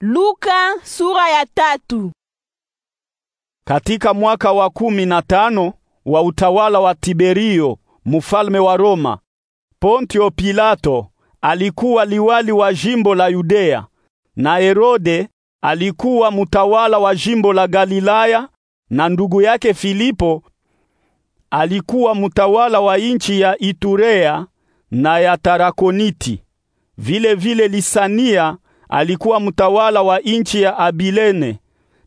Luka sura ya tatu. Katika mwaka wa kumi na tano wa utawala wa Tiberio mfalme wa Roma, Pontio Pilato alikuwa liwali wa jimbo la Yudea na Herode alikuwa mtawala wa jimbo la Galilaya na ndugu yake Filipo alikuwa mtawala wa inchi ya Iturea na ya Tarakoniti. Vile vile Lisania alikuwa mtawala wa nchi ya Abilene.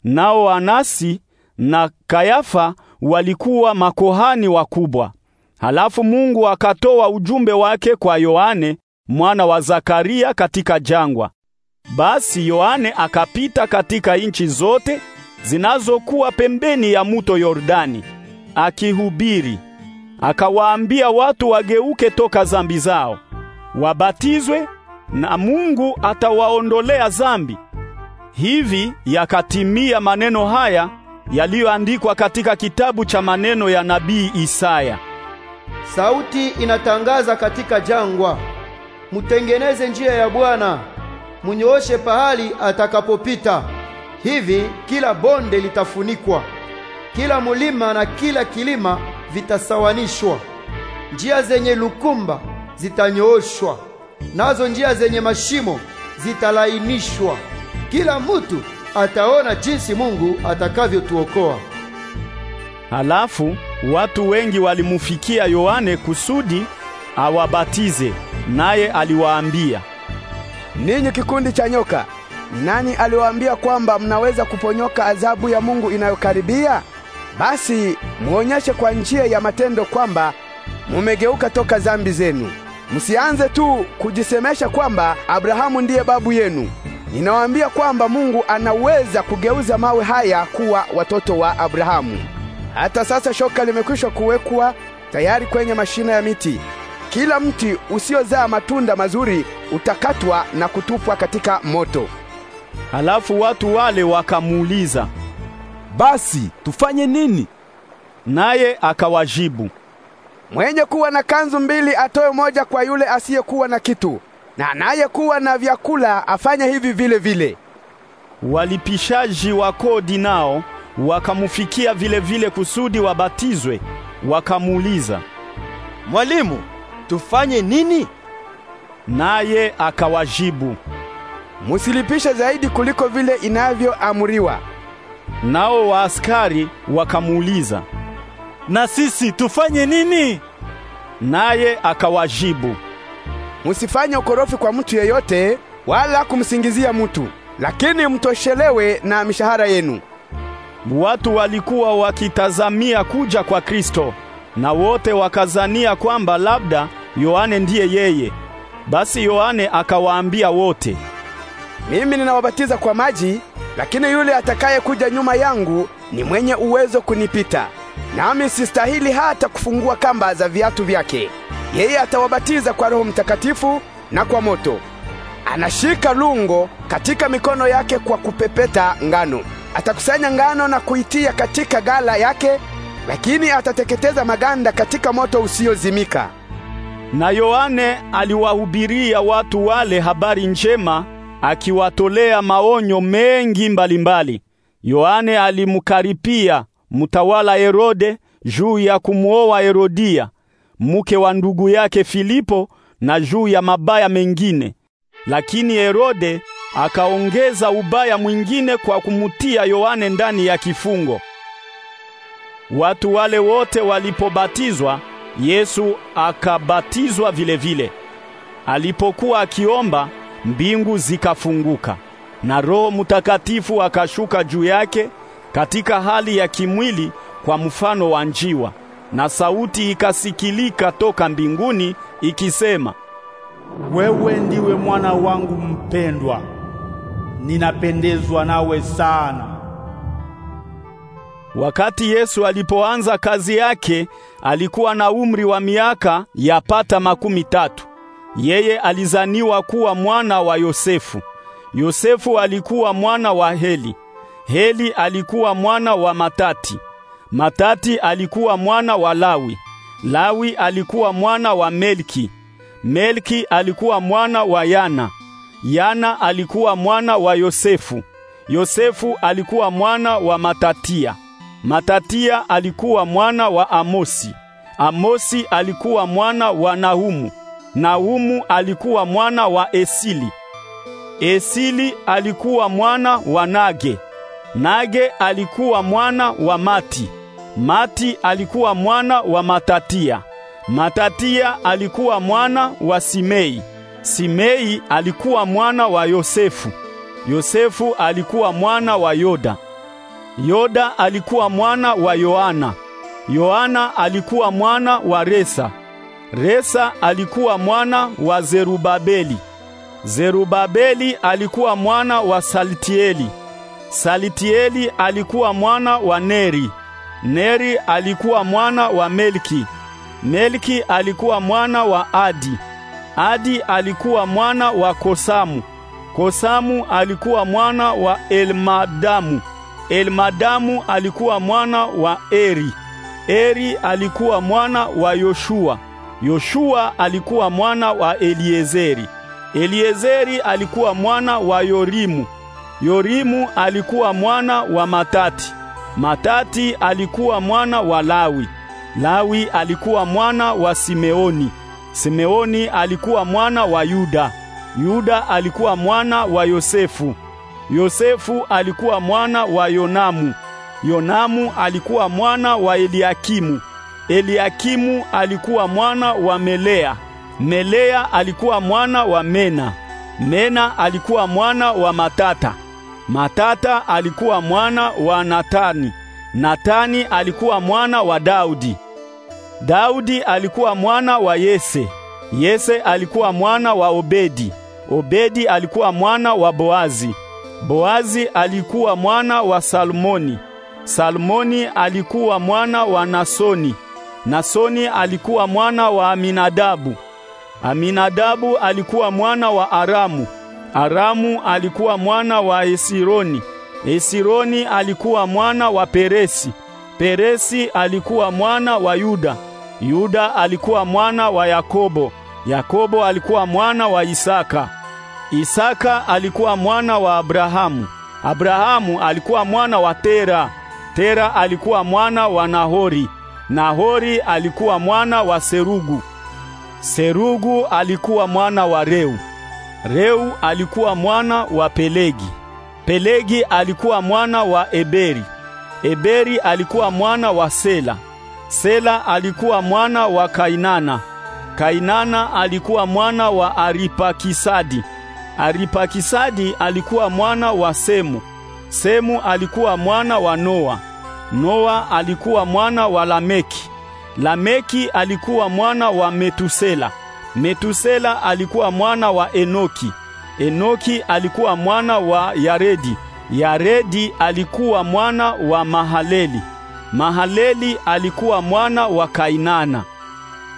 Nao Anasi na Kayafa walikuwa makohani wakubwa. Halafu Mungu akatoa ujumbe wake kwa Yohane mwana wa Zakaria katika jangwa. Basi Yohane akapita katika nchi zote zinazokuwa pembeni ya muto Yordani akihubiri, akawaambia watu wageuke toka zambi zao, wabatizwe na Mungu atawaondolea zambi. Hivi yakatimia maneno haya yaliyoandikwa katika kitabu cha maneno ya nabii Isaya. Sauti inatangaza katika jangwa, mutengeneze njia ya Bwana, munyooshe pahali atakapopita. Hivi kila bonde litafunikwa, kila mulima na kila kilima vitasawanishwa, njia zenye lukumba zitanyooshwa nazo njia zenye mashimo zitalainishwa. Kila mutu ataona jinsi Mungu atakavyotuokoa. Halafu watu wengi walimufikia Yohane kusudi awabatize, naye aliwaambia, ninyi kikundi cha nyoka, nani aliwaambia kwamba mnaweza kuponyoka adhabu ya Mungu inayokaribia? Basi muonyeshe kwa njia ya matendo kwamba mumegeuka toka zambi zenu. Msianze tu kujisemesha kwamba Abrahamu ndiye babu yenu. Ninawaambia kwamba Mungu anaweza kugeuza mawe haya kuwa watoto wa Abrahamu. Hata sasa shoka limekwisha kuwekwa tayari kwenye mashina ya miti. Kila mti usiozaa matunda mazuri utakatwa na kutupwa katika moto. Halafu watu wale wakamuuliza, basi tufanye nini? Naye akawajibu, Mwenye kuwa na kanzu mbili atoe moja kwa yule asiyekuwa na kitu, na anayekuwa na vyakula afanye hivi vile vile. Walipishaji wa kodi nao wakamufikia vile vile kusudi wabatizwe, wakamuuliza, Mwalimu, tufanye nini? Naye akawajibu, Musilipishe zaidi kuliko vile inavyoamriwa. Nao waaskari wakamuuliza na sisi tufanye nini? Naye akawajibu, musifanye ukorofi kwa mtu yeyote wala kumsingizia mtu, lakini mtoshelewe na mishahara yenu. Watu walikuwa wakitazamia kuja kwa Kristo na wote wakazania kwamba labda Yohane ndiye yeye. Basi Yohane akawaambia wote, mimi ninawabatiza kwa maji, lakini yule atakayekuja nyuma yangu ni mwenye uwezo kunipita nami sistahili hata kufungua kamba za viatu vyake. Yeye atawabatiza kwa Roho Mtakatifu na kwa moto. Anashika lungo katika mikono yake kwa kupepeta ngano. Atakusanya ngano na kuitia katika gala yake, lakini atateketeza maganda katika moto usiozimika. Na Yohane aliwahubiria watu wale habari njema, akiwatolea maonyo mengi mbalimbali. Yohane alimkaripia mtawala Herode juu ya kumwoa Herodia mke wa ndugu yake Filipo na juu ya mabaya mengine. Lakini Herode akaongeza ubaya mwingine kwa kumutia Yohane ndani ya kifungo. Watu wale wote walipobatizwa, Yesu akabatizwa vile vile. Alipokuwa akiomba, mbingu zikafunguka na Roho Mtakatifu akashuka juu yake katika hali ya kimwili kwa mfano wa njiwa, na sauti ikasikilika toka mbinguni ikisema, wewe ndiwe mwana wangu mpendwa, ninapendezwa nawe sana. Wakati Yesu alipoanza kazi yake, alikuwa na umri wa miaka yapata makumi tatu. Yeye alizaniwa kuwa mwana wa Yosefu. Yosefu alikuwa mwana wa Heli. Heli alikuwa mwana wa Matati. Matati alikuwa mwana wa Lawi. Lawi alikuwa mwana wa Melki. Melki alikuwa mwana wa Yana. Yana alikuwa mwana wa Yosefu. Yosefu alikuwa mwana wa Matatia. Matatia alikuwa mwana wa Amosi. Amosi alikuwa mwana wa Nahumu. Nahumu alikuwa mwana wa Esili. Esili alikuwa mwana wa Nage. Nage alikuwa mwana wa Mati. Mati alikuwa mwana wa Matatia. Matatia alikuwa mwana wa Simei. Simei alikuwa mwana wa Yosefu. Yosefu alikuwa mwana wa Yoda. Yoda alikuwa mwana wa Yohana. Yohana alikuwa mwana wa Resa. Resa alikuwa mwana wa Zerubabeli. Zerubabeli alikuwa mwana wa Saltieli. Salitieli alikuwa mwana wa Neri. Neri alikuwa mwana wa Melki. Melki alikuwa mwana wa Adi. Adi alikuwa mwana wa Kosamu. Kosamu alikuwa mwana wa Elmadamu. Elmadamu alikuwa mwana wa Eri. Eri alikuwa mwana wa Yoshua. Yoshua alikuwa mwana wa Eliezeri. Eliezeri alikuwa mwana wa Yorimu. Yorimu alikuwa mwana wa Matati. Matati alikuwa mwana wa Lawi. Lawi alikuwa mwana wa Simeoni. Simeoni alikuwa mwana wa Yuda. Yuda alikuwa mwana wa Yosefu. Yosefu alikuwa mwana wa Yonamu. Yonamu alikuwa mwana wa Eliakimu. Eliakimu alikuwa mwana wa Melea. Melea alikuwa mwana wa Mena. Mena alikuwa mwana wa Matata. Matata alikuwa mwana wa Natani. Natani alikuwa mwana wa Daudi. Daudi alikuwa mwana wa Yese. Yese alikuwa mwana wa Obedi. Obedi alikuwa mwana wa Boazi. Boazi alikuwa mwana wa Salmoni. Salmoni alikuwa mwana wa Nasoni. Nasoni alikuwa mwana wa Aminadabu. Aminadabu alikuwa mwana wa Aramu. Aramu alikuwa mwana wa Esironi. Esironi alikuwa mwana wa Peresi. Peresi alikuwa mwana wa Yuda. Yuda alikuwa mwana wa Yakobo. Yakobo alikuwa mwana wa Isaka. Isaka alikuwa mwana wa Abrahamu. Abrahamu alikuwa mwana wa Tera. Tera alikuwa mwana wa Nahori. Nahori alikuwa mwana wa Serugu. Serugu alikuwa mwana wa Reu. Reu alikuwa mwana wa Pelegi. Pelegi alikuwa mwana wa Eberi. Eberi alikuwa mwana wa Sela. Sela alikuwa mwana wa Kainana. Kainana alikuwa mwana wa Aripakisadi. Aripakisadi alikuwa mwana wa Semu. Semu alikuwa mwana wa Noa. Noa alikuwa mwana wa Lameki. Lameki alikuwa mwana wa Metusela. Metusela alikuwa mwana wa Enoki. Enoki alikuwa mwana wa Yaredi. Yaredi alikuwa mwana wa Mahaleli. Mahaleli alikuwa mwana wa Kainana.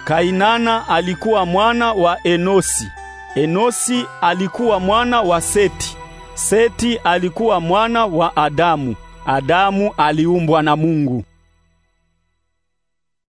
Kainana alikuwa mwana wa Enosi. Enosi alikuwa mwana wa Seti. Seti alikuwa mwana wa Adamu. Adamu aliumbwa na Mungu.